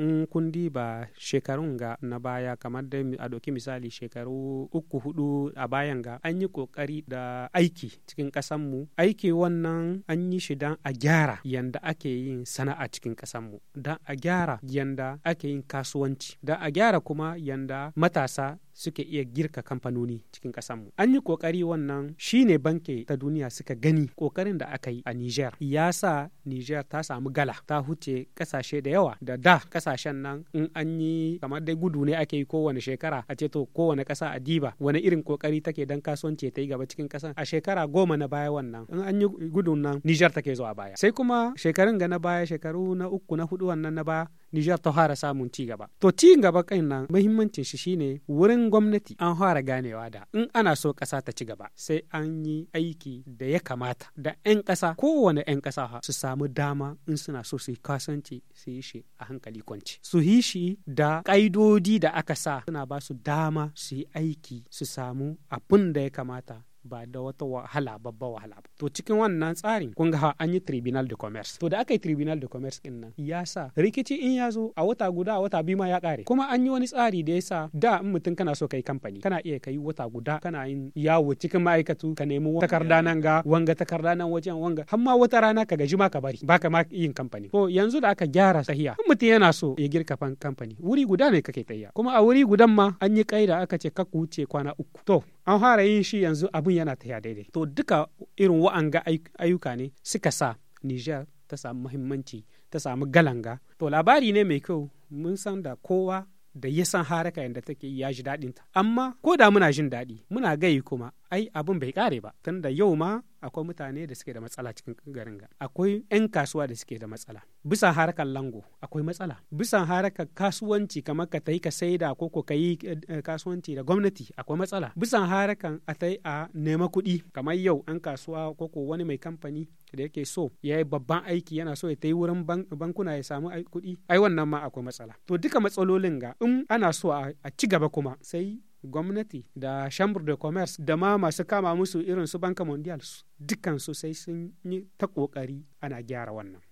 in kun ba shekarun ga na baya kamar da a doki misali shekaru uku hudu a bayan ga an yi kokari da aiki cikin mu aiki wannan an yi shi dan a gyara yanda ake yin sana'a cikin mu dan a gyara yanda ake yin kasuwanci dan a gyara kuma yanda matasa suke iya girka kamfanoni cikin kasanmu An yi ƙoƙari wannan shi ne banke ta duniya suka gani ƙoƙarin da aka yi a Niger ya sa Niger ta samu gala ta huce ƙasashe da yawa da da ƙasashen nan in an yi kamar dai gudu ne ake yi kowane shekara a ce to kowane ƙasa a diba wani irin ƙoƙari take dan kasuwanci ta yi gaba cikin ƙasar a shekara goma na baya wannan in an yi gudun nan Niger take zuwa baya sai kuma shekarun ga na baya shekaru na uku na hudu wannan na baya Nijar ta fara samun ci gaba. To ci gaba kan nan muhimmancin shi shine wurin gwamnati an fara ganewa da in ana so ƙasa ta ci gaba sai an yi aiki da ya kamata da 'yan ƙasa kowane 'yan ƙasa su samu dama in suna so su yi kasance su yi shi a hankali kwanci. Su yi shi da ƙa'idodi da aka sa suna ba su dama su yi aiki su samu abin da ya kamata ba da wata wahala babba wahala ba to cikin wannan tsarin kun ga an yi tribunal de commerce to da aka yi tribunal de commerce din nan ya sa rikici in ya zo a wata guda a wata biyu ma ya kare kuma an yi wani tsari da ya sa da in mutum kana so kai kamfani kana iya kai wata guda kana yin yawo cikin ma'aikatu ka nemi takarda nan ga wanga takarda nan wajen wanga har ma wata rana ka gaji ma ka bari baka ma yin kamfani to yanzu da aka gyara sahiya in mutum yana so ya girka kamfani wuri guda ne kake tayya kuma a wuri gudan ma an yi kaida aka ce ka kuce kwana uku to an fara yin shi yanzu abin yana tafiya daidai to duka irin wa'anga ayyuka ne suka sa Nijar ta samu muhimmanci ta samu galanga to labari ne mai kyau mun san da kowa da ya san haraka yadda take ya ji daɗinta amma ko da muna jin daɗi muna gayi kuma ai abin bai kare ba tunda yau ma akwai mutane da suke da matsala cikin garin ga akwai 'yan kasuwa da suke da matsala bisa harkar lango akwai matsala bisa harkar kasuwanci kamar ka yi ka saida ko ko ka yi eh, eh, kasuwanci da gwamnati akwai matsala bisa harkar a tai a nema kuɗi kamar yau 'yan kasuwa ko ko wani mai kamfani da yake so ya yi babban aiki yana so ya ta yi wurin bankuna ya samu kuɗi ai wannan ma akwai matsala to duka matsalolin ga in ana so a ci gaba kuma sai gwamnati da chambre de commerce da ma masu kama musu irin su banka mondial dukkan su sai sun yi ta kokari ana gyara wannan